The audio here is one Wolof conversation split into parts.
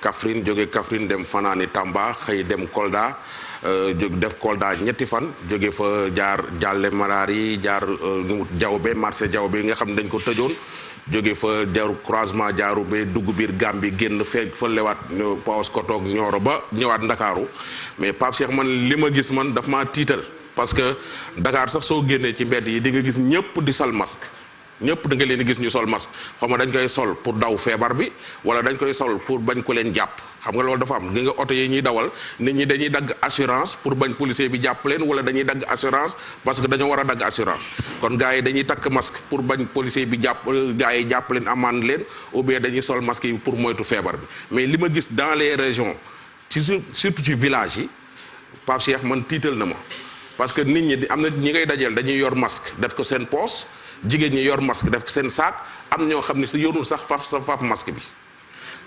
Kaffrine jóge Kaffrine dem fanaani Tamba xëy dem Kolda euh, def Kolda ñetti fan jóge fa jaar jàlle Marari jaar euh, nu Diaobé marché Diaobé nga xam ne dañ ko tëjoon jóge fa jaru croisement jaaru ba dugg biir Gàmbi génn feeg fa lewaat ko toog Nioro ba ñëwaat Ndakaaru mais Pape Cheikh man li ma gis man daf ma tiital parce que Dakar sax soo génnee ci mbedd yi di nga gis ñëpp di sal masque ñëpp da nga leen gis ñu sol masque xaw ma dañ koy sol pour daw feebar bi wala dañ koy sol pour bañ ko leen jàpp xam nga loolu dafa am gi nga oto yi ñuy dawal nit ñi dañuy dagg assurance pour bañ policier bi jàpp leen wala dañuy dagg assurance parce que dañoo war a dagg assurance kon gars yi dañuy takk masque pour bañ policier bi jàpp gars yi jàpp leen amaan leen ou bien dañuy sol masque yi pour moytu feebar bi mais li ma gis dans les régions ci surtout ci village yi Pape man tiital na ma parce que nit ñi am na ñi ngay dajeel dañuy yor masque def ko seen poche jigéen ñi yor masque def seen saak am ñoo xam ne si yorul sax faf sa faf masque bi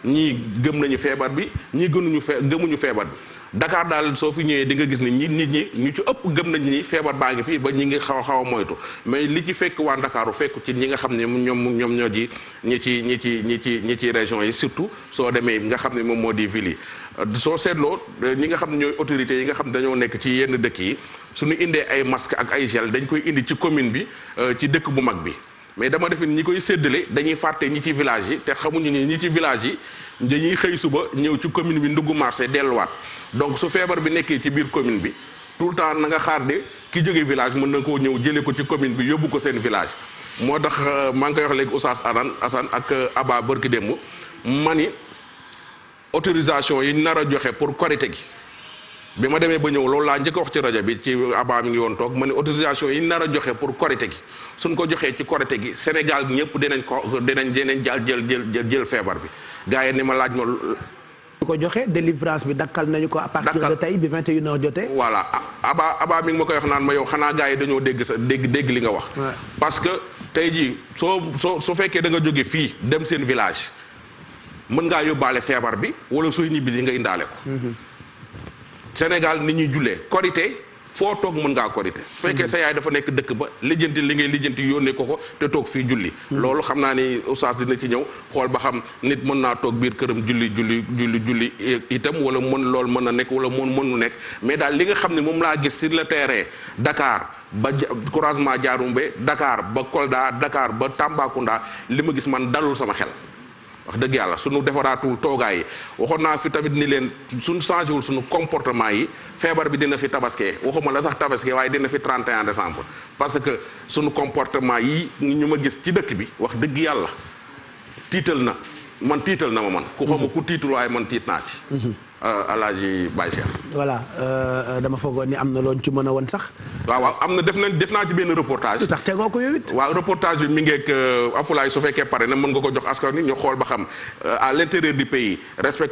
ñii gëm nañu feebar bi ñii gënuñu fee gëmuñu feebar bi Dakar daal soo fi ñëwee di nga gis ne ñi nit ñi ñu ci ëpp gëm nañ ni feebar baa ngi fii ba ñi ngi xaw a xaw a moytu mais li ci fekk waa Ndakaaru fekk ci ñi nga xam ne ñoom ñoom ñoo ji ñi ci ñi ci ñi ci ñi ci région yi surtout soo demee nga xam ne moom moo di ville yi soo seetloo ñi nga xam ne ñooy autorités yi nga xam ne dañoo nekk ci yenn dëkk yi su nu indee ay masque ak ay gel dañ koy indi ci commune bi euh, ci dëkk bu mag bi mais dama defe ñi koy séddale dañuy fàtte ñi ci village yi te xamuñu ni ñi ci village yi dañuy xëy suba ñëw ci commune bi ndugg marché delluwaat donc su feebar bi nekkee ci biir commune bi tout le temps nanga nga xaar de ki jóge village mën na koo ñëw jëlee ko ci commune bi yóbbu ko seen village moo tax euh, maa ngi koy wax léegi Oustaz Aran Assane ak euh, Aba Barki démb ma ni autorisation yi nar a joxe pour Korité gi bi ma demee ba ñëw loolu laa njëkk wax ci rajo bi ci abaa mi woon toog ma ne autorisation yi nar a joxe pour korite gi suñ ko joxee ci korite gi Sénégal ñëpp dinañ ko dinañ dinañ jël jël jël feebar bi gars yi ni ma laaj ma. ñu ko joxe délivrance bi dakkal nañu ko à partir tey bi 21 heures jotee. voilà abaa mi ngi ma koy wax naan ma yow xanaa gars dañoo dégg sa dégg dégg li nga wax. parce que tey jii soo soo soo fekkee da nga jóge fii dem seen village mën ngaa yóbbaale feebar bi wala sooy ñibbi li nga indaale ko. Mm-hmm. Sénégal ni ñuy jullee korité foo toog mën ngaa korité su fekkee mm-hmm. sa yaay dafa nekk dëkk ba lijjanti li ngay lijjanti yónnee ko ko te toog fii julli mm-hmm. loolu xam naa ni oustaz dina ci ñëw xool ba xam nit mën naa toog biir këram julli julli julli julli itam wala mën lool mën na nekk wala mën mënu nekk mais daal li nga xam ne moom laa gis sur le terrain Dakar ba croisement Diaroumbe Dakar ba Kolda dakaar ba Tambacounda li ma gis man dalul sama xel wax dëgg yàlla suñu defaraatul toogaay waxoon naa fi tamit ni leen suñu changé wul suñu comportement yi feebar bi dina fi tabaskee waxuma la sax tabaskee waaye dina fi 31 décembre parce que suñu comportement yi ñu ma gis ci dëkk bi wax dëgg yàlla tiital na man tiital na ma man. ku xamu mhm. ku tiitul waaye man tiit naa ci. Mhm. Euh, Alaaji Baye Cheikh. voilà euh, dama foogoon ni am na loon ci mën a woon sax. waaw am na def nañ def naa ci benn reportage. te tegoo ko yow it. waaw reportage bi mi ngeeg euh, Apulaay su fekkee pare na mën nga ko jox askan wi ñu xool ba xam à l'intérieur du pays respecté.